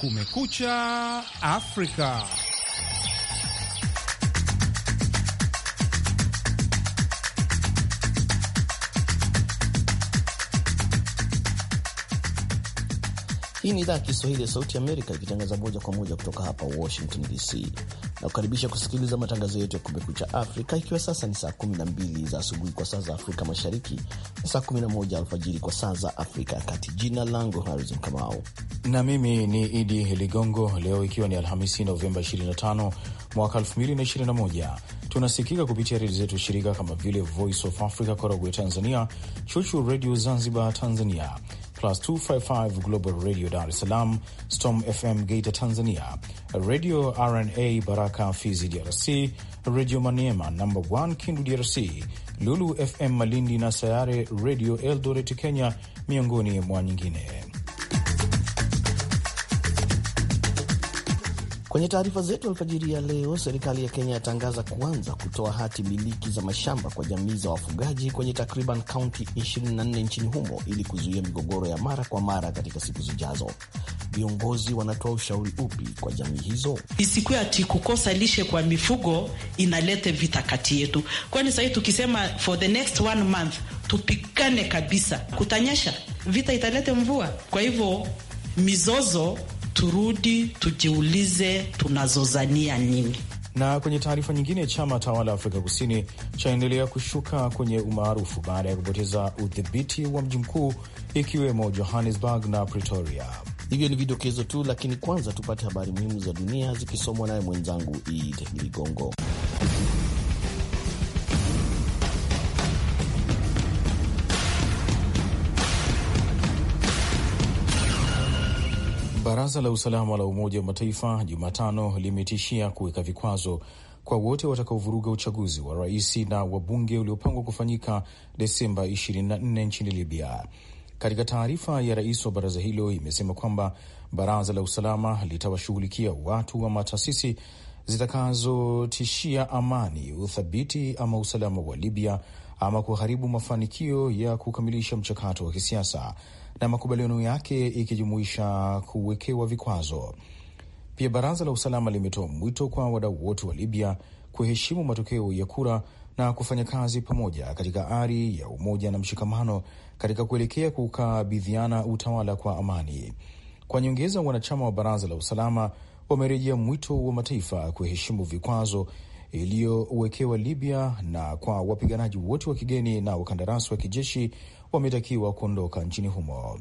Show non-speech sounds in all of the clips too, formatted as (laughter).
Kumekucha Afrika. Hii ni idhaa ya Kiswahili ya Sauti Amerika ikitangaza moja kwa moja kutoka hapa Washington DC na kukaribisha kusikiliza matangazo yetu ya Kumekucha Afrika, ikiwa sasa ni saa 12 za asubuhi kwa saa za Afrika Mashariki na saa 11 alfajiri kwa saa za Afrika ya Kati. Jina langu Harrison Kamau na mimi ni Idi Ligongo. Leo ikiwa ni Alhamisi, Novemba 25 mwaka 2021 tunasikika kupitia redio zetu shirika kama vile Voice of Africa Korogwe Tanzania, Chuchu Redio Zanzibar Tanzania, plus 255 Global Radio Dar es Salaam, Storm FM Geita Tanzania, Radio RNA Baraka Fizi DRC, Radio Maniema namba 1 Kindu DRC, Lulu FM Malindi na Sayare Radio Eldoret Kenya, miongoni mwa nyingine. Kwenye taarifa zetu alfajiri ya leo, serikali ya Kenya yatangaza kuanza kutoa hati miliki za mashamba kwa jamii za wafugaji kwenye takriban kaunti 24 nchini humo ili kuzuia migogoro ya mara kwa mara katika siku zijazo. Viongozi wanatoa ushauri upi kwa jamii hizo? Isikuwe ati kukosa lishe kwa mifugo inalete vita kati yetu, kwani sahii tukisema for the next one month tupigane kabisa, kutanyesha, vita italete mvua. Kwa hivyo mizozo turudi tujiulize tunazozania nini. Na kwenye taarifa nyingine, chama tawala Afrika Kusini chaendelea kushuka kwenye umaarufu baada ya kupoteza udhibiti wa mji mkuu ikiwemo Johannesburg na Pretoria. Hivyo ni vidokezo tu, lakini kwanza tupate habari muhimu za dunia zikisomwa naye mwenzangu ed Ligongo. Baraza la usalama la Umoja wa Mataifa Jumatano limetishia kuweka vikwazo kwa wote watakaovuruga uchaguzi wa rais na wabunge uliopangwa kufanyika Desemba 24 nchini Libya. Katika taarifa ya rais wa baraza hilo imesema kwamba baraza la usalama litawashughulikia watu ama taasisi zitakazotishia amani, uthabiti ama usalama wa Libya ama kuharibu mafanikio ya kukamilisha mchakato wa kisiasa na makubaliano yake ikijumuisha kuwekewa vikwazo. Pia baraza la usalama limetoa mwito kwa wadau wote wa Libya kuheshimu matokeo ya kura na kufanya kazi pamoja katika ari ya umoja na mshikamano katika kuelekea kukabidhiana utawala kwa amani. Kwa nyongeza, wanachama wa baraza la usalama wamerejea mwito wa mataifa kuheshimu vikwazo iliyowekewa Libya na kwa wapiganaji wote wa kigeni na wakandarasi wa kijeshi wametakiwa kuondoka nchini humo.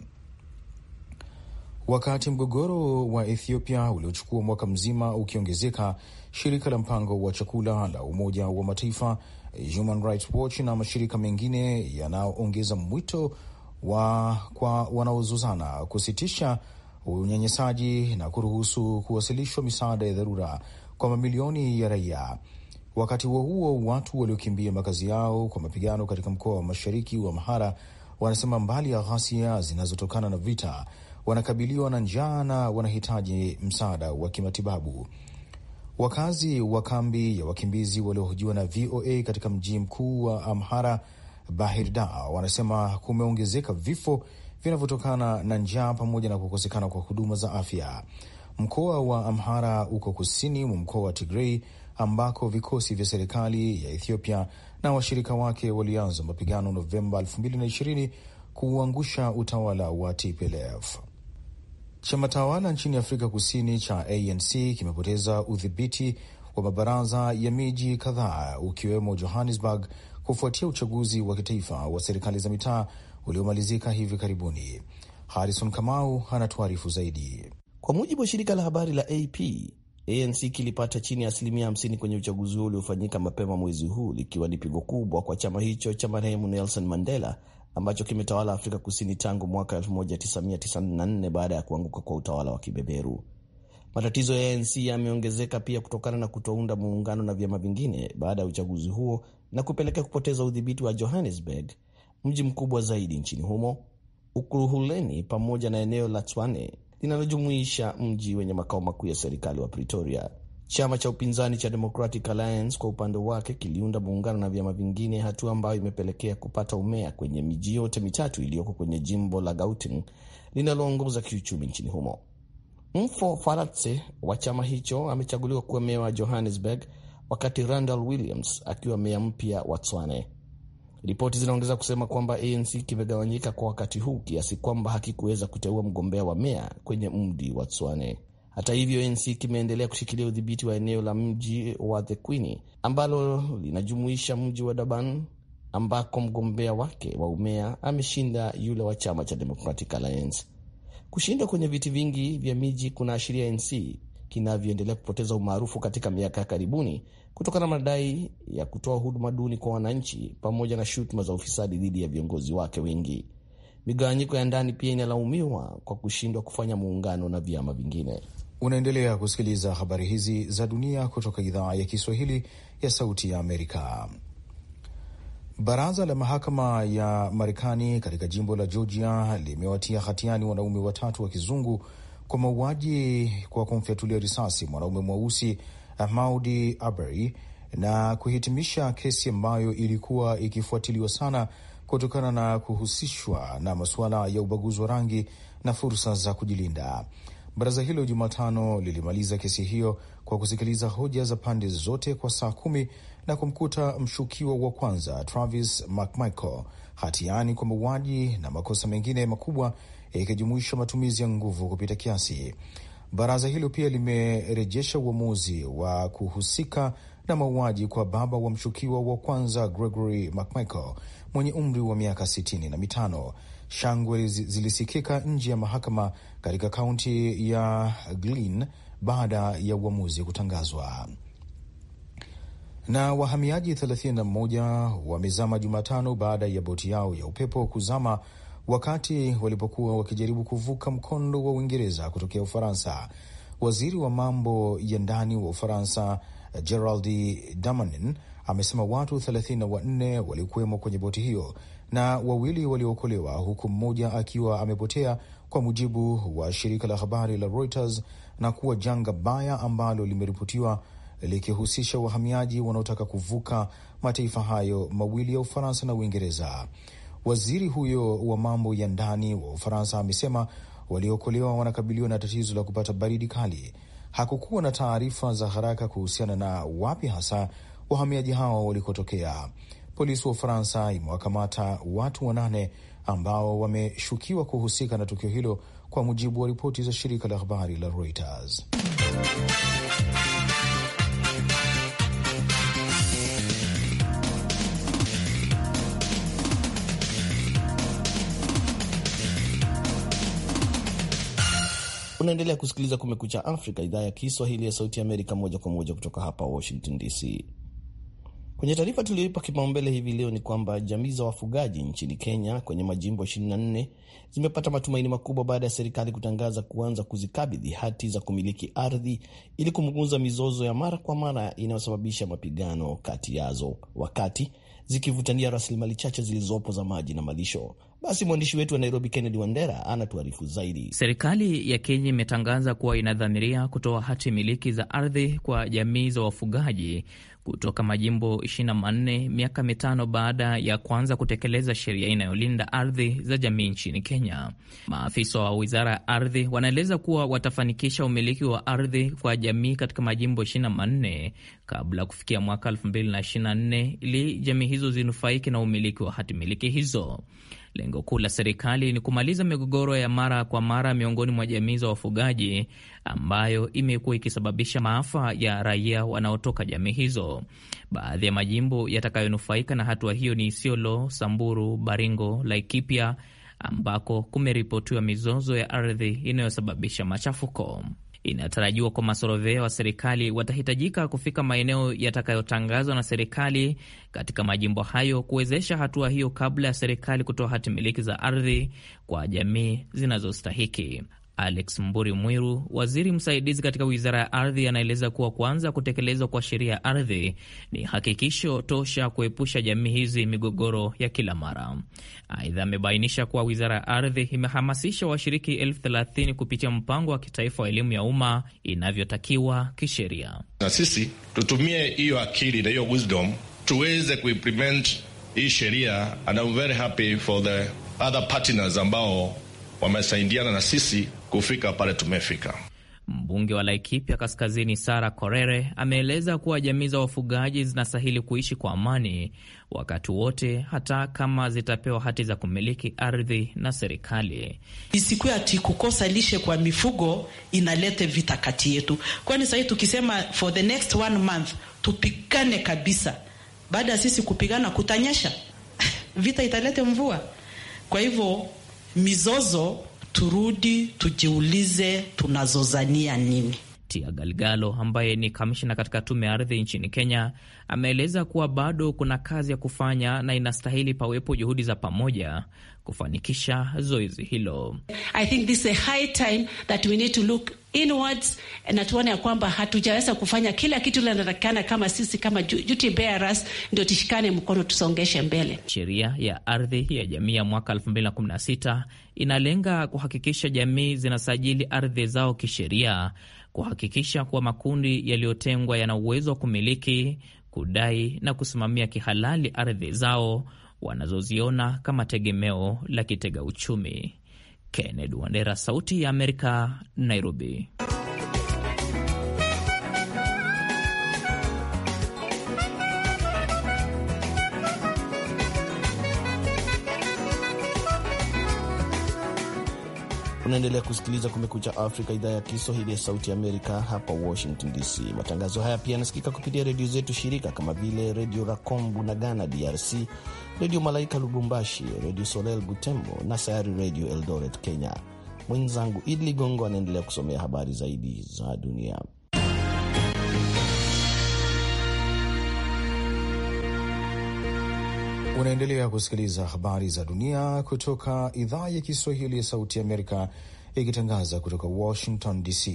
Wakati mgogoro wa Ethiopia uliochukua mwaka mzima ukiongezeka, shirika la mpango wa chakula la Umoja wa Mataifa, Human Rights Watch na mashirika mengine yanayoongeza mwito wa kwa wanaozozana kusitisha unyanyasaji na kuruhusu kuwasilishwa misaada ya dharura kwa mamilioni ya raia. Wakati huo huo, watu waliokimbia makazi yao kwa mapigano katika mkoa wa mashariki wa Amhara wanasema mbali ya ghasia zinazotokana na vita, wanakabiliwa na njaa na wanahitaji msaada wa kimatibabu. Wakazi wa kambi ya wakimbizi waliohojiwa na VOA katika mji mkuu wa Amhara, Bahirda, wanasema kumeongezeka vifo vinavyotokana na njaa pamoja na kukosekana kwa huduma za afya. Mkoa wa Amhara uko kusini mwa mkoa wa Tigrei ambako vikosi vya serikali ya Ethiopia na washirika wake walianza mapigano Novemba 2020 kuuangusha utawala wa TPLF. Chama tawala nchini Afrika Kusini cha ANC kimepoteza udhibiti wa mabaraza ya miji kadhaa ukiwemo Johannesburg kufuatia uchaguzi wa kitaifa wa serikali za mitaa uliomalizika hivi karibuni. Harrison Kamau anatuarifu zaidi. Kwa mujibu wa shirika la habari la AP, ANC kilipata chini ya asilimia 50 kwenye uchaguzi huo uliofanyika mapema mwezi huu, likiwa ni pigo kubwa kwa chama hicho cha marehemu Nelson Mandela ambacho kimetawala Afrika Kusini tangu mwaka 1994 baada ya kuanguka kwa utawala wa kibeberu. Matatizo ya ANC yameongezeka pia kutokana na kutounda muungano na vyama vingine baada ya uchaguzi huo na kupelekea kupoteza udhibiti wa Johannesburg, mji mkubwa zaidi nchini humo, Ukuruhuleni pamoja na eneo la Tswane linalojumuisha mji wenye makao makuu ya serikali wa Pretoria. Chama cha upinzani cha Democratic Alliance kwa upande wake kiliunda muungano na vyama vingine, hatua ambayo imepelekea kupata umea kwenye miji yote mitatu iliyoko kwenye jimbo la Gauteng linaloongoza kiuchumi nchini humo. Mfo Faratse wa chama hicho amechaguliwa kuwa meya wa Johannesburg, wakati Randall Williams akiwa meya mpya wa Ripoti zinaongeza kusema kwamba ANC kimegawanyika kwa wakati huu kiasi kwamba hakikuweza kuteua mgombea wa meya kwenye mji wa Tswane. Hata hivyo, ANC kimeendelea kushikilia udhibiti wa eneo la mji wa the quini ambalo linajumuisha mji wa Durban ambako mgombea wake wa umea ameshinda yule wa chama cha Democratic Alliance. Kushindwa kwenye viti vingi vya miji kunaashiria ANC kinavyoendelea kupoteza umaarufu katika miaka ya karibuni kutokana na madai ya kutoa huduma duni kwa wananchi pamoja na shutuma za ufisadi dhidi ya viongozi wake wengi. Migawanyiko ya ndani pia inalaumiwa kwa kushindwa kufanya muungano na vyama vingine. Unaendelea kusikiliza habari hizi za dunia kutoka idhaa ya Kiswahili ya Sauti ya Amerika. Baraza la mahakama ya Marekani katika jimbo la Georgia limewatia hatiani wanaume watatu wa kizungu kwa mauaji kwa kumfyatulia risasi mwanaume mweusi Ahmaudi eh, Arbery na kuhitimisha kesi ambayo ilikuwa ikifuatiliwa sana kutokana na kuhusishwa na masuala ya ubaguzi wa rangi na fursa za kujilinda. Baraza hilo Jumatano lilimaliza kesi hiyo kwa kusikiliza hoja za pande zote kwa saa kumi na kumkuta mshukiwa wa kwanza Travis McMichael hatiani kwa mauaji na makosa mengine makubwa eh, ikijumuisha matumizi ya nguvu kupita kiasi. Baraza hilo pia limerejesha uamuzi wa kuhusika na mauaji kwa baba wa mshukiwa wa kwanza Gregory McMichael mwenye umri wa miaka sitini na mitano. Shangwe zilisikika nje ya mahakama katika kaunti ya Glynn baada ya uamuzi kutangazwa na wahamiaji 31 wamezama Jumatano baada ya boti yao ya upepo kuzama wakati walipokuwa wakijaribu kuvuka mkondo wa Uingereza kutokea Ufaransa. Waziri wa mambo ya ndani wa Ufaransa Gerald Damanin amesema watu 34 walikuwemo kwenye boti hiyo na wawili waliokolewa, huku mmoja akiwa amepotea, kwa mujibu wa shirika la habari la Reuters, na kuwa janga baya ambalo limeripotiwa likihusisha wahamiaji wanaotaka kuvuka mataifa hayo mawili ya Ufaransa na Uingereza. Waziri huyo wa mambo ya ndani wa Ufaransa amesema waliokolewa wanakabiliwa na tatizo la kupata baridi kali. Hakukuwa na taarifa za haraka kuhusiana na wapi hasa wahamiaji hao walikotokea. Polisi wa Ufaransa imewakamata watu wanane ambao wameshukiwa kuhusika na tukio hilo, kwa mujibu wa ripoti za shirika la habari la Reuters. Unaendelea kusikiliza Kumekucha Afrika, idhaa ya Kiswahili ya Sauti Amerika, moja kwa moja kutoka hapa Washington DC. Kwenye taarifa tuliyoipa kipaumbele hivi leo ni kwamba jamii za wafugaji nchini Kenya kwenye majimbo 24 zimepata matumaini makubwa baada ya serikali kutangaza kuanza kuzikabidhi hati za kumiliki ardhi ili kumguza mizozo ya mara kwa mara inayosababisha mapigano kati yazo, wakati zikivutania rasilimali chache zilizopo za maji na malisho. Basi mwandishi wetu wa Nairobi, Kennedy Wandera, anatuarifu zaidi. Serikali ya Kenya imetangaza kuwa inadhamiria kutoa hati miliki za ardhi kwa jamii za wafugaji kutoka majimbo 24 miaka mitano baada ya kuanza kutekeleza sheria inayolinda ardhi za jamii nchini Kenya. Maafisa wa wizara ya ardhi wanaeleza kuwa watafanikisha umiliki wa ardhi kwa jamii katika majimbo 24 kabla kufikia mwaka 2024 ili jamii hizo zinufaike na umiliki wa hatimiliki hizo. Lengo kuu la serikali ni kumaliza migogoro ya mara kwa mara miongoni mwa jamii za wafugaji ambayo imekuwa ikisababisha maafa ya raia wanaotoka jamii hizo. Baadhi ya majimbo yatakayonufaika na hatua hiyo ni Isiolo, Samburu, Baringo, Laikipia ambako kumeripotiwa mizozo ya ardhi inayosababisha machafuko. Inatarajiwa kwa masorovea wa serikali watahitajika kufika maeneo yatakayotangazwa na serikali katika majimbo hayo kuwezesha hatua hiyo kabla ya serikali kutoa hati miliki za ardhi kwa jamii zinazostahiki. Alex Mburi Mwiru, waziri msaidizi katika wizara ya ardhi, anaeleza kuwa kuanza kutekelezwa kwa sheria ya ardhi ni hakikisho tosha kuepusha jamii hizi migogoro ya kila mara. Aidha, amebainisha kuwa wizara ya ardhi imehamasisha washiriki elfu thelathini kupitia mpango wa kitaifa wa elimu ya umma inavyotakiwa kisheria. Na sisi tutumie hiyo akili na hiyo wisdom tuweze kuimplement hii sheria, and I'm very happy for the other partners ambao wamesaidiana na sisi kufika pale tumefika. Mbunge wa Laikipia Kaskazini Sara Korere ameeleza kuwa jamii za wafugaji zinastahili kuishi kwa amani wakati wote, hata kama zitapewa hati za kumiliki ardhi na serikali. Isikuwe ati kukosa lishe kwa mifugo inalete vita kati yetu, kwani sahii tukisema for the next one month tupigane kabisa, baada ya sisi kupigana kutanyesha (laughs) vita italete mvua. Kwa hivyo mizozo turudi tujiulize tunazozania nini. Tia Galgalo ambaye ni kamishna katika tume ya ardhi nchini Kenya ameeleza kuwa bado kuna kazi ya kufanya na inastahili pawepo juhudi za pamoja kufanikisha zoezi hilo. I think this is a high time that we need to look inwards na tuone ya kwamba hatujaweza kufanya kila kitu linatakikana, kama sisi kama duty bearers ndio tushikane mkono tusongeshe mbele. Sheria ya ardhi ya jamii ya mwaka 2016 inalenga kuhakikisha jamii zinasajili ardhi zao kisheria, kuhakikisha kuwa makundi yaliyotengwa yana uwezo wa kumiliki, kudai na kusimamia kihalali ardhi zao wanazoziona kama tegemeo la kitega uchumi. Kennedy Wandera, Sauti ya Amerika, Nairobi. Unaendelea kusikiliza Kumekucha Afrika, idhaa ya Kiswahili ya Sauti ya Amerika, hapa Washington DC. Matangazo haya pia yanasikika kupitia redio zetu shirika kama vile Redio Racom Bunagana DRC, Redio Malaika Lubumbashi, Redio Soleil Butembo na Sayari Redio Eldoret Kenya. Mwenzangu Idi Ligongo anaendelea kusomea habari zaidi za dunia. Unaendelea kusikiliza habari za dunia kutoka idhaa ya Kiswahili ya Sauti ya Amerika ikitangaza kutoka Washington DC.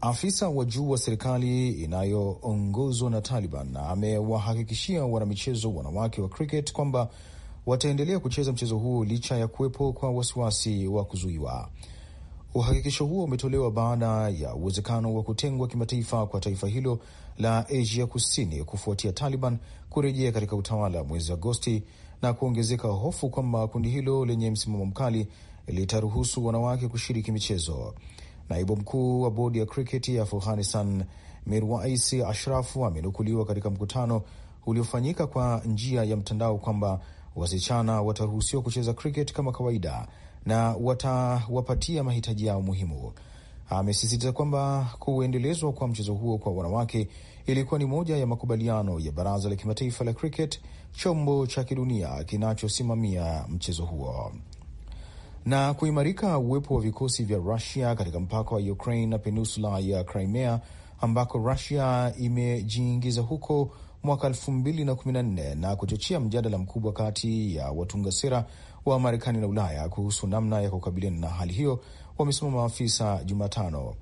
Afisa wa juu wa serikali inayoongozwa na Taliban amewahakikishia wanamichezo wanawake wa cricket kwamba wataendelea kucheza mchezo huo licha ya kuwepo kwa wasiwasi wa kuzuiwa. Uhakikisho huo umetolewa baada ya uwezekano wa kutengwa kimataifa kwa taifa hilo la Asia Kusini kufuatia Taliban kurejea katika utawala mwezi Agosti na kuongezeka hofu kwamba kundi hilo lenye msimamo mkali litaruhusu wanawake kushiriki michezo. Naibu mkuu wa bodi ya kriketi ya Afghanistan Mirwais Ashrafu amenukuliwa katika mkutano uliofanyika kwa njia ya mtandao kwamba wasichana wataruhusiwa kucheza kriket kama kawaida na watawapatia mahitaji yao muhimu. Amesisitiza kwamba kuendelezwa kwa mchezo huo kwa wanawake ilikuwa ni moja ya makubaliano ya Baraza la Kimataifa la Cricket, chombo cha kidunia kinachosimamia mchezo huo. Na kuimarika uwepo wa vikosi vya Rusia katika mpaka wa Ukraine na peninsula ya Crimea ambako Rusia imejiingiza huko mwaka elfu mbili na kumi na nne na kuchochea mjadala mkubwa kati ya watunga sera wa Marekani na Ulaya kuhusu namna ya kukabiliana na hali hiyo, wamesema maafisa Jumatano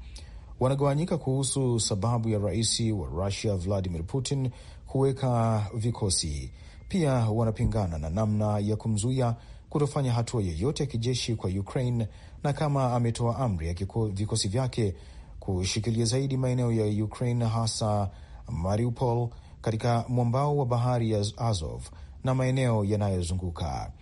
wanagawanyika kuhusu sababu ya rais wa Rusia Vladimir Putin kuweka vikosi. Pia wanapingana na namna ya kumzuia kutofanya hatua yoyote ya kijeshi kwa Ukraine na kama ametoa amri ya kiko, vikosi vyake kushikilia zaidi maeneo ya Ukraine hasa Mariupol katika mwambao wa bahari ya Azov na maeneo yanayozunguka.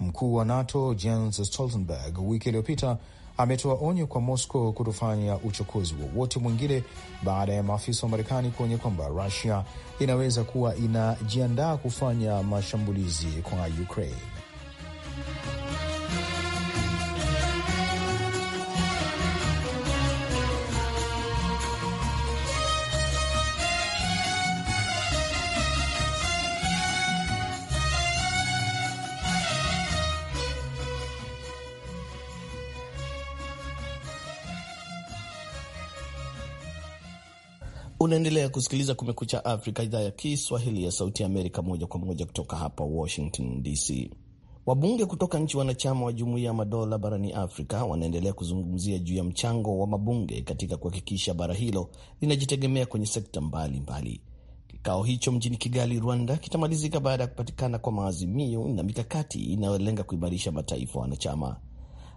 Mkuu wa NATO Jens Stoltenberg wiki iliyopita ametoa onyo kwa Moscow kutofanya uchokozi wowote mwingine baada ya maafisa wa Marekani kuonya kwamba Rusia inaweza kuwa inajiandaa kufanya mashambulizi kwa Ukraine. Unaendelea kusikiliza Kumekucha Afrika, idhaa ya Kiswahili ya Sauti Amerika, moja kwa moja kutoka hapa Washington DC. Wabunge kutoka nchi wanachama wa Jumuiya ya Madola barani Afrika wanaendelea kuzungumzia juu ya mchango wa mabunge katika kuhakikisha bara hilo linajitegemea kwenye sekta mbalimbali mbali. Kikao hicho mjini Kigali, Rwanda, kitamalizika baada ya kupatikana kwa maazimio na mikakati inayolenga kuimarisha mataifa wanachama.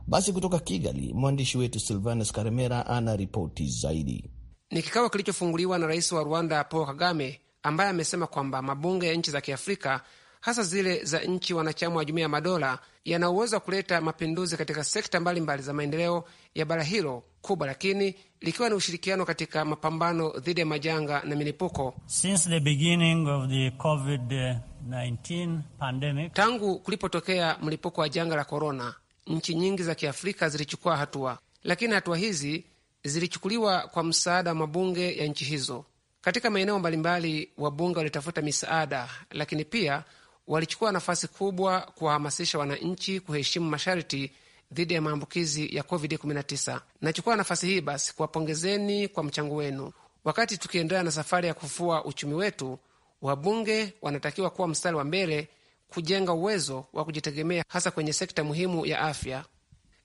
Basi kutoka Kigali, mwandishi wetu Silvanus Karemera ana ripoti zaidi. Ni kikao kilichofunguliwa na rais wa Rwanda Paul Kagame, ambaye amesema kwamba mabunge ya nchi za Kiafrika, hasa zile za nchi wanachama wa Jumuiya ya Madola, yana uwezo wa kuleta mapinduzi katika sekta mbalimbali mbali za maendeleo ya bara hilo kubwa, lakini likiwa ni ushirikiano katika mapambano dhidi ya majanga na milipuko. Since the beginning of the COVID-19 pandemic, tangu kulipotokea mlipuko wa janga la korona, nchi nyingi za Kiafrika zilichukua hatua, lakini hatua hizi zilichukuliwa kwa msaada wa mabunge ya nchi hizo. Katika maeneo mbalimbali, wabunge walitafuta misaada, lakini pia walichukua nafasi kubwa kuwahamasisha wananchi kuheshimu masharti dhidi ya maambukizi ya COVID-19. Nachukua nafasi hii basi kuwapongezeni kwa mchango wenu. Wakati tukiendelea na safari ya kufua uchumi wetu, wabunge wanatakiwa kuwa mstari wa mbele kujenga uwezo wa kujitegemea hasa kwenye sekta muhimu ya afya.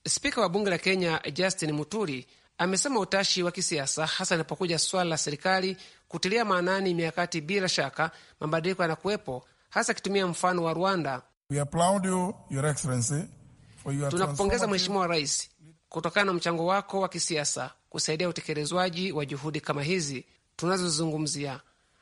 Spika wa bunge la Kenya Justin Muturi Amesema utashi wa kisiasa hasa linapokuja swala la serikali kutilia maanani mikakati, bila shaka mabadiliko yanakuwepo, hasa akitumia mfano wa Rwanda. Tunakupongeza Mheshimiwa Rais kutokana na mchango wako wa kisiasa kusaidia utekelezwaji wa juhudi kama hizi tunazozungumzia.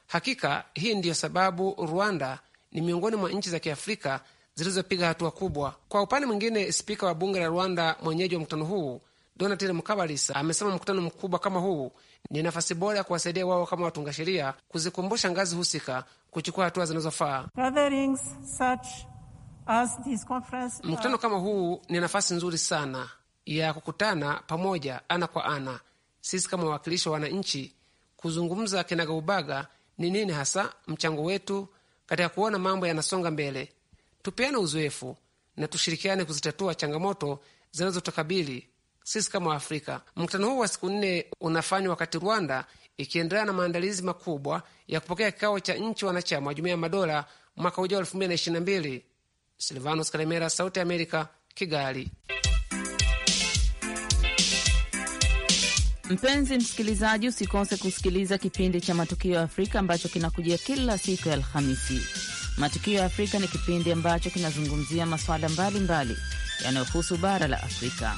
Hakika hii ndiyo sababu Rwanda ni miongoni mwa nchi za Kiafrika zilizopiga hatua kubwa. Kwa upande mwingine, spika wa bunge la Rwanda, mwenyeji wa mkutano huu, Donatille Mukabalisa amesema mkutano mkubwa kama huu ni nafasi bora ya kuwasaidia wao kama watunga sheria kuzikumbusha ngazi husika kuchukua hatua zinazofaa. Mkutano kama huu ni nafasi nzuri sana ya kukutana pamoja ana kwa ana, sisi kama wawakilishi wa wananchi, kuzungumza kinagaubaga ni nini hasa mchango wetu katika kuona mambo yanasonga mbele. Tupeane uzoefu na tushirikiane kuzitatua changamoto zinazotukabili sisi kama Waafrika. Mkutano huu wa siku nne unafanywa wakati Rwanda ikiendelea na maandalizi makubwa ya kupokea kikao cha nchi wanachama wa Jumuiya ya Madola mwaka ujao 2022. Silvanos Kalemera, Sauti ya Amerika, Kigali. Mpenzi msikilizaji, usikose kusikiliza kipindi cha Matukio ya Afrika ambacho kinakujia kila siku ya Alhamisi. Matukio ya Afrika ni kipindi ambacho kinazungumzia masuala mbalimbali yanayohusu bara la Afrika.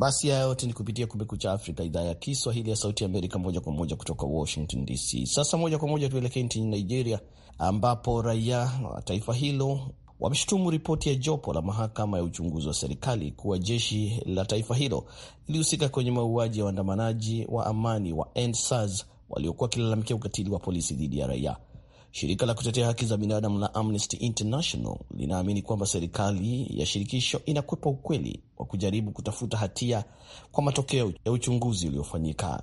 Basi haya yote ni kupitia Kumekucha Afrika, idhaa ya Kiswahili ya Sauti ya Amerika, moja kwa moja kutoka Washington DC. Sasa moja kwa moja tuelekee nchini Nigeria, ambapo raia wa taifa hilo wameshutumu ripoti ya jopo la mahakama ya uchunguzi wa serikali kuwa jeshi la taifa hilo lilihusika kwenye mauaji ya waandamanaji wa amani wa EndSARS waliokuwa wakilalamikia ukatili wa polisi dhidi ya raia. Shirika la kutetea haki za binadamu la Amnesty International linaamini kwamba serikali ya shirikisho inakwepa ukweli wa kujaribu kutafuta hatia kwa matokeo ya uchunguzi uliofanyika.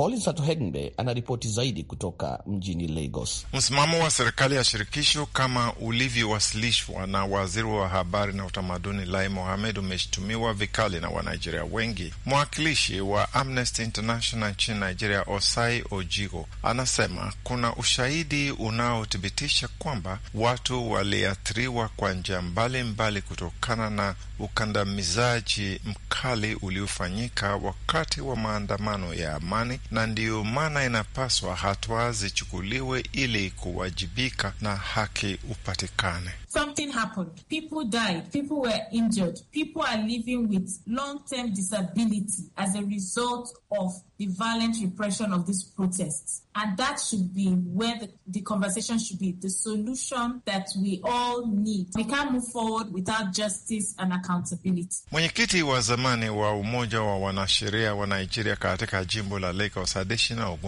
Collins Atohengbe anaripoti zaidi kutoka mjini Lagos. Msimamo wa serikali ya shirikisho kama ulivyowasilishwa na waziri wa habari na utamaduni Lai Mohamed umeshutumiwa vikali na Wanigeria wengi. Mwakilishi wa Amnesty International nchini Nigeria, Osai Ojigo, anasema kuna ushahidi unaothibitisha kwamba watu waliathiriwa kwa njia mbalimbali kutokana na ukandamizaji mkali uliofanyika wakati wa maandamano ya amani na ndiyo maana inapaswa hatua zichukuliwe ili kuwajibika na haki upatikane. Something happened. People died. People were injured. People are living with long term disability as a result of the violent repression of these protests. And that should be where the, the, conversation should be the solution that we all need. We can't move forward without justice and accountability. Mwenyekiti wa zamani wa Umoja wa Wanasheria wa Nigeria katika jimbo la Lagos, Adesina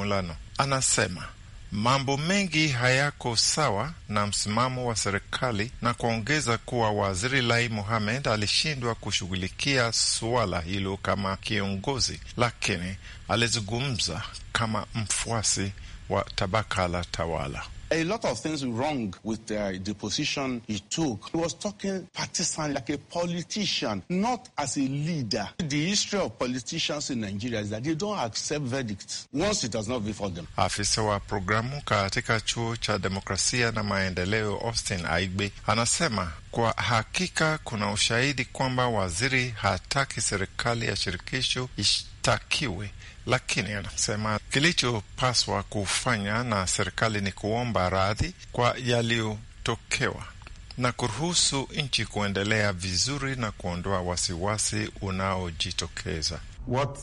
anasema mambo mengi hayako sawa na msimamo wa serikali, na kuongeza kuwa waziri Lai Mohamed alishindwa kushughulikia suala hilo kama kiongozi, lakini alizungumza kama mfuasi wa tabaka la tawala a lot of things wrong with uh, the position he took. He was talking partisan like a politician, not as a leader. The history of politicians in Nigeria is that they don't accept verdicts once it has not before them. Afisa wa programu katika chuo cha demokrasia na maendeleo Austin Aigbe anasema kwa hakika kuna ushahidi kwamba waziri hataki serikali ya shirikisho ishtakiwe lakini anasema kilichopaswa kufanya na serikali ni kuomba radhi kwa yaliyotokewa na kuruhusu nchi kuendelea vizuri na kuondoa wasiwasi unaojitokeza. What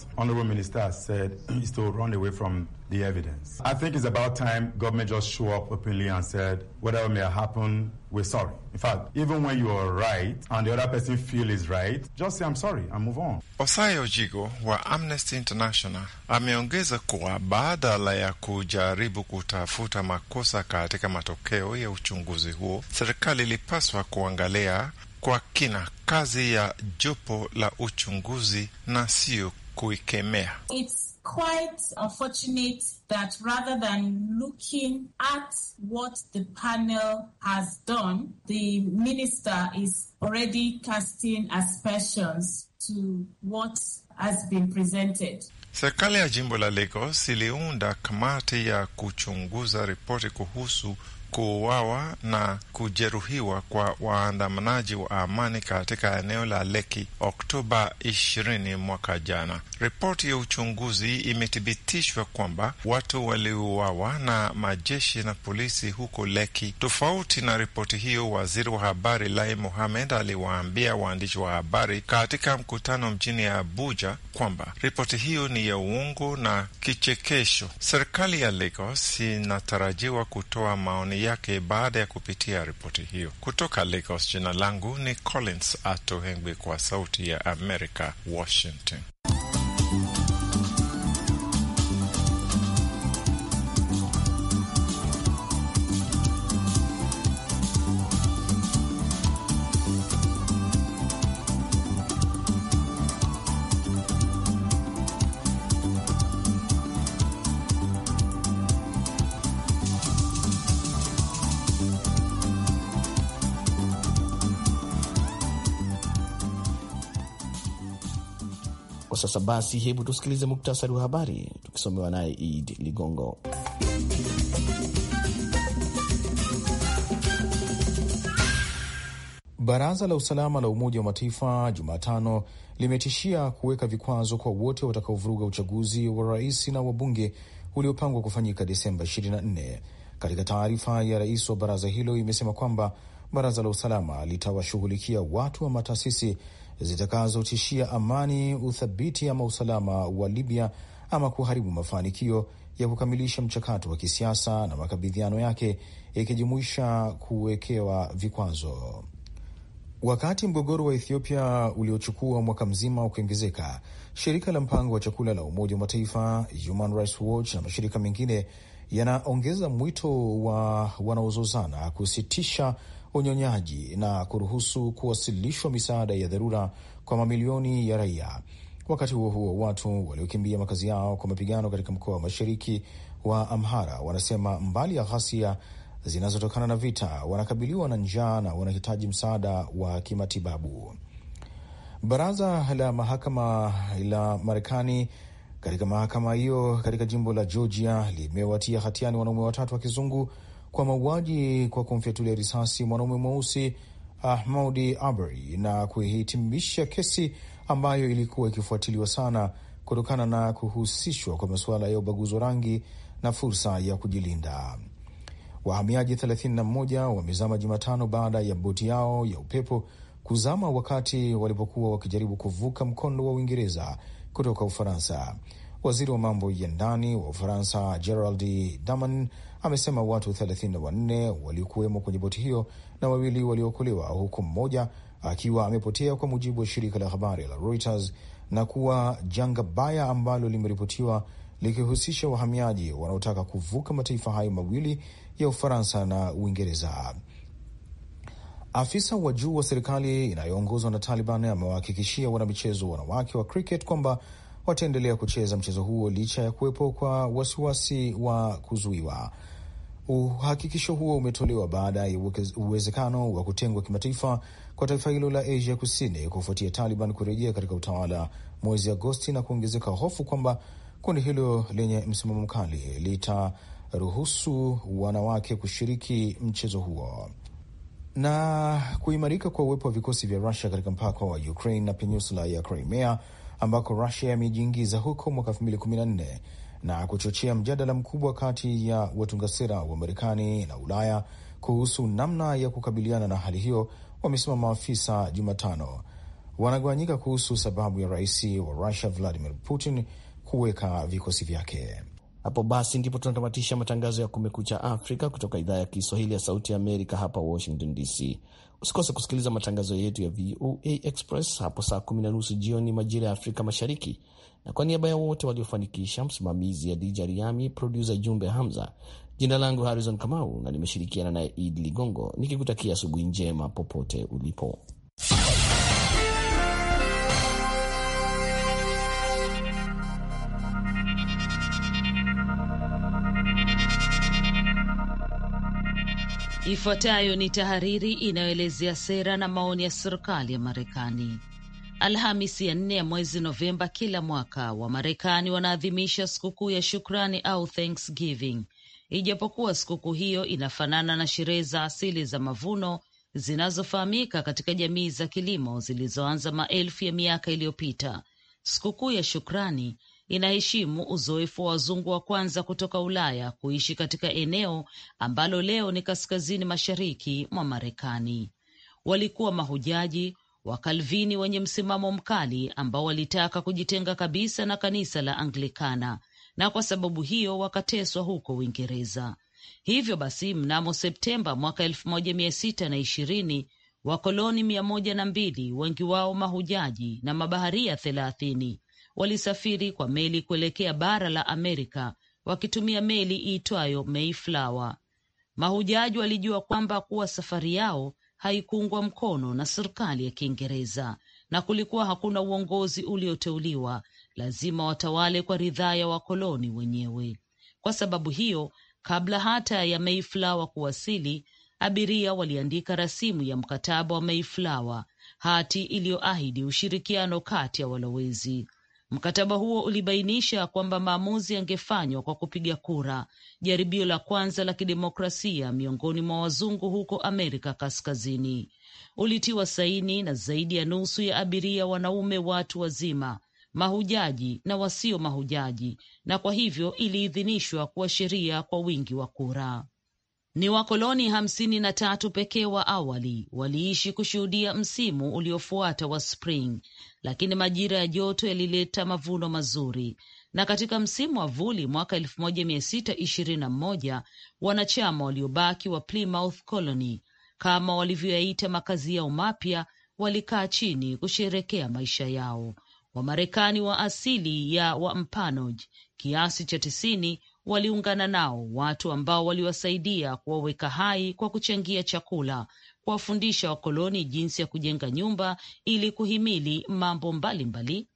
the evidence. I think it's about time government just show up openly and said, whatever may happen, we're sorry. In fact, even when you are right and the other person feel is right, just say I'm sorry and move on. Osayo Jigo wa Amnesty International ameongeza kuwa badala ya kujaribu kutafuta makosa katika matokeo ya uchunguzi huo, serikali ilipaswa kuangalia kwa kina kazi ya jopo la uchunguzi na sio kuikemea It's quite unfortunate that rather than looking at what the panel has done, the minister is already casting aspersions to what has been presented. Serikali ya jimbo la Lagos iliunda kamati ya kuchunguza ripoti kuhusu kuuawa na kujeruhiwa kwa waandamanaji wa amani katika eneo la Leki Oktoba 20 mwaka jana. Ripoti ya uchunguzi imethibitishwa kwamba watu waliuawa na majeshi na polisi huko Leki. Tofauti na ripoti hiyo, waziri wa habari Lai Mohamed aliwaambia waandishi wa habari katika mkutano mjini ya Abuja kwamba ripoti hiyo ni ya uongo na kichekesho. Serikali ya Lagos inatarajiwa kutoa maoni yake baada ya kupitia ripoti hiyo. Kutoka Lagos, jina langu ni Collins Atohengwi, kwa Sauti ya Amerika, Washington. sasa basi, hebu tusikilize muktasari wa habari tukisomewa naye id Ligongo. Baraza la usalama la Umoja wa Mataifa Jumatano limetishia kuweka vikwazo kwa wote watakaovuruga uchaguzi wa rais na wabunge uliopangwa kufanyika Desemba 24. Katika taarifa ya rais wa baraza hilo imesema kwamba baraza la usalama litawashughulikia watu wa mataasisi zitakazotishia amani, uthabiti ama usalama wa Libya ama kuharibu mafanikio ya kukamilisha mchakato wa kisiasa na makabidhiano yake ikijumuisha kuwekewa vikwazo. Wakati mgogoro wa Ethiopia uliochukua mwaka mzima ukiongezeka, shirika la mpango wa chakula la Umoja wa Mataifa, Human Rights Watch na mashirika mengine yanaongeza mwito wa wanaozozana kusitisha unyonyaji na kuruhusu kuwasilishwa misaada ya dharura kwa mamilioni ya raia. Wakati huo huo, watu waliokimbia makazi yao kwa mapigano katika mkoa wa mashariki wa Amhara wanasema mbali ya ghasia zinazotokana na vita, wanakabiliwa na njaa na wanahitaji msaada wa kimatibabu. Baraza la mahakama la Marekani katika mahakama hiyo katika jimbo la Georgia limewatia hatiani wanaume watatu wa kizungu kwa mauaji kwa kumfyatulia risasi mwanaume mweusi ahmudi Abri na kuihitimisha kesi ambayo ilikuwa ikifuatiliwa sana kutokana na kuhusishwa kwa masuala ya ubaguzi wa rangi na fursa ya kujilinda. Wahamiaji 31 wamezama Jumatano baada ya boti yao ya upepo kuzama wakati walipokuwa wakijaribu kuvuka mkondo wa Uingereza kutoka Ufaransa. Waziri wa mambo ya ndani wa Ufaransa Gerald Daman amesema watu 34 waliokuwemo kwenye boti hiyo na wawili waliokolewa, huku mmoja akiwa amepotea, kwa mujibu wa shirika la habari la Reuters, na kuwa janga baya ambalo limeripotiwa likihusisha wahamiaji wanaotaka kuvuka mataifa hayo mawili ya Ufaransa na Uingereza. Afisa wa juu wa serikali inayoongozwa na Taliban amewahakikishia wanamichezo wanawake wa cricket kwamba wataendelea kucheza mchezo huo licha ya kuwepo kwa wasiwasi wa kuzuiwa. Uhakikisho huo umetolewa baada ya uwezekano wa kutengwa kimataifa kwa taifa hilo la Asia Kusini kufuatia Taliban kurejea katika utawala mwezi Agosti na kuongezeka hofu kwamba kundi hilo lenye msimamo mkali litaruhusu wanawake kushiriki mchezo huo. Na kuimarika kwa uwepo wa vikosi vya Rusia katika mpaka wa Ukraine na peninsula ya Crimea ambako Rusia imejiingiza huko mwaka 2014 na kuchochea mjadala mkubwa kati ya watunga sera wa Marekani na Ulaya kuhusu namna ya kukabiliana na hali hiyo, wamesema maafisa Jumatano. Wanagawanyika kuhusu sababu ya rais wa Rusia Vladimir Putin kuweka vikosi vyake. Hapo basi ndipo tunatamatisha matangazo ya Kumekucha Afrika kutoka idhaa ya Kiswahili ya Sauti ya Amerika hapa Washington DC. Usikose kusikiliza matangazo yetu ya VOA Express hapo saa kumi na nusu jioni majira ya Afrika Mashariki. Na kwa niaba ya wote waliofanikisha, msimamizi ya Dija Riami, produsa Jumbe Hamza, jina langu Harrison Kamau na nimeshirikiana naye Idi Ligongo nikikutakia asubuhi njema popote ulipo. Ifuatayo ni tahariri inayoelezea sera na maoni ya serikali ya Marekani. Alhamisi ya nne ya mwezi Novemba kila mwaka Wamarekani wanaadhimisha sikukuu ya shukrani au Thanksgiving. Ijapokuwa sikukuu hiyo inafanana na sherehe za asili za mavuno zinazofahamika katika jamii za kilimo zilizoanza maelfu ya miaka iliyopita, sikukuu ya shukrani inaheshimu uzoefu wa wazungu wa kwanza kutoka Ulaya kuishi katika eneo ambalo leo ni kaskazini mashariki mwa Marekani. Walikuwa mahujaji Wakalvini wenye msimamo mkali ambao walitaka kujitenga kabisa na kanisa la Anglikana na kwa sababu hiyo wakateswa huko Uingereza. Hivyo basi, mnamo Septemba mwaka elfu moja mia sita na ishirini wakoloni mia moja na mbili wengi wao mahujaji na mabaharia thelathini walisafiri kwa meli kuelekea bara la Amerika wakitumia meli iitwayo Mayflower. Mahujaji walijua kwamba kuwa safari yao haikuungwa mkono na serikali ya Kiingereza na kulikuwa hakuna uongozi ulioteuliwa, lazima watawale kwa ridhaa ya wakoloni wenyewe. Kwa sababu hiyo, kabla hata ya Mayflower kuwasili, abiria waliandika rasimu ya mkataba wa Mayflower, hati iliyoahidi ushirikiano kati ya walowezi. Mkataba huo ulibainisha kwamba maamuzi yangefanywa kwa kupiga kura, jaribio la kwanza la kidemokrasia miongoni mwa wazungu huko Amerika Kaskazini. Ulitiwa saini na zaidi ya nusu ya abiria wanaume, watu wazima, mahujaji na wasio mahujaji, na kwa hivyo iliidhinishwa kuwa sheria kwa wingi wa kura. Ni wakoloni hamsini na tatu pekee wa awali waliishi kushuhudia msimu uliofuata wa spring, lakini majira ya joto yalileta mavuno mazuri na katika msimu wa vuli mwaka 1621 wanachama waliobaki wa Plymouth Colony kama walivyoyaita makazi yao mapya walikaa chini kusherekea maisha yao. Wamarekani wa asili ya Wampanoag kiasi cha tisini waliungana nao watu ambao waliwasaidia kuwaweka hai kwa kuchangia chakula, kuwafundisha wakoloni jinsi ya kujenga nyumba ili kuhimili mambo mbalimbali.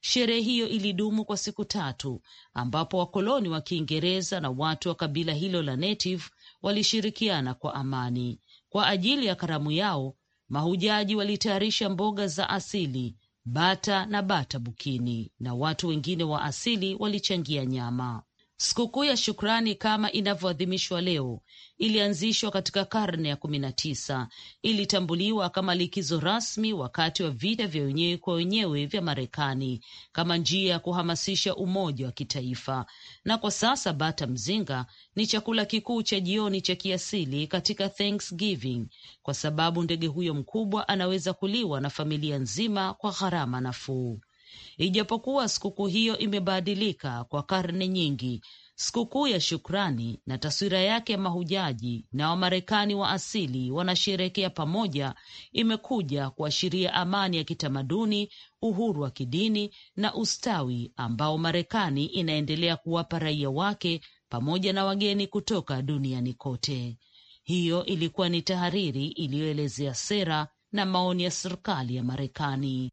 Sherehe hiyo ilidumu kwa siku tatu ambapo wakoloni wa Kiingereza na watu wa kabila hilo la Native walishirikiana kwa amani. Kwa ajili ya karamu yao, mahujaji walitayarisha mboga za asili, bata na bata bukini, na watu wengine wa asili walichangia nyama. Sikukuu ya Shukrani kama inavyoadhimishwa leo ilianzishwa katika karne ya kumi na tisa. Ilitambuliwa kama likizo rasmi wakati wa vita vya wenyewe kwa wenyewe vya Marekani kama njia ya kuhamasisha umoja wa kitaifa, na kwa sasa bata mzinga ni chakula kikuu cha jioni cha kiasili katika Thanksgiving, kwa sababu ndege huyo mkubwa anaweza kuliwa na familia nzima kwa gharama nafuu. Ijapokuwa sikukuu hiyo imebadilika kwa karne nyingi, sikukuu ya Shukrani na taswira yake ya mahujaji na Wamarekani wa asili wanasherekea pamoja, imekuja kuashiria amani ya kitamaduni, uhuru wa kidini na ustawi ambao Marekani inaendelea kuwapa raia wake pamoja na wageni kutoka duniani kote. Hiyo ilikuwa ni tahariri iliyoelezea sera na maoni ya serikali ya Marekani.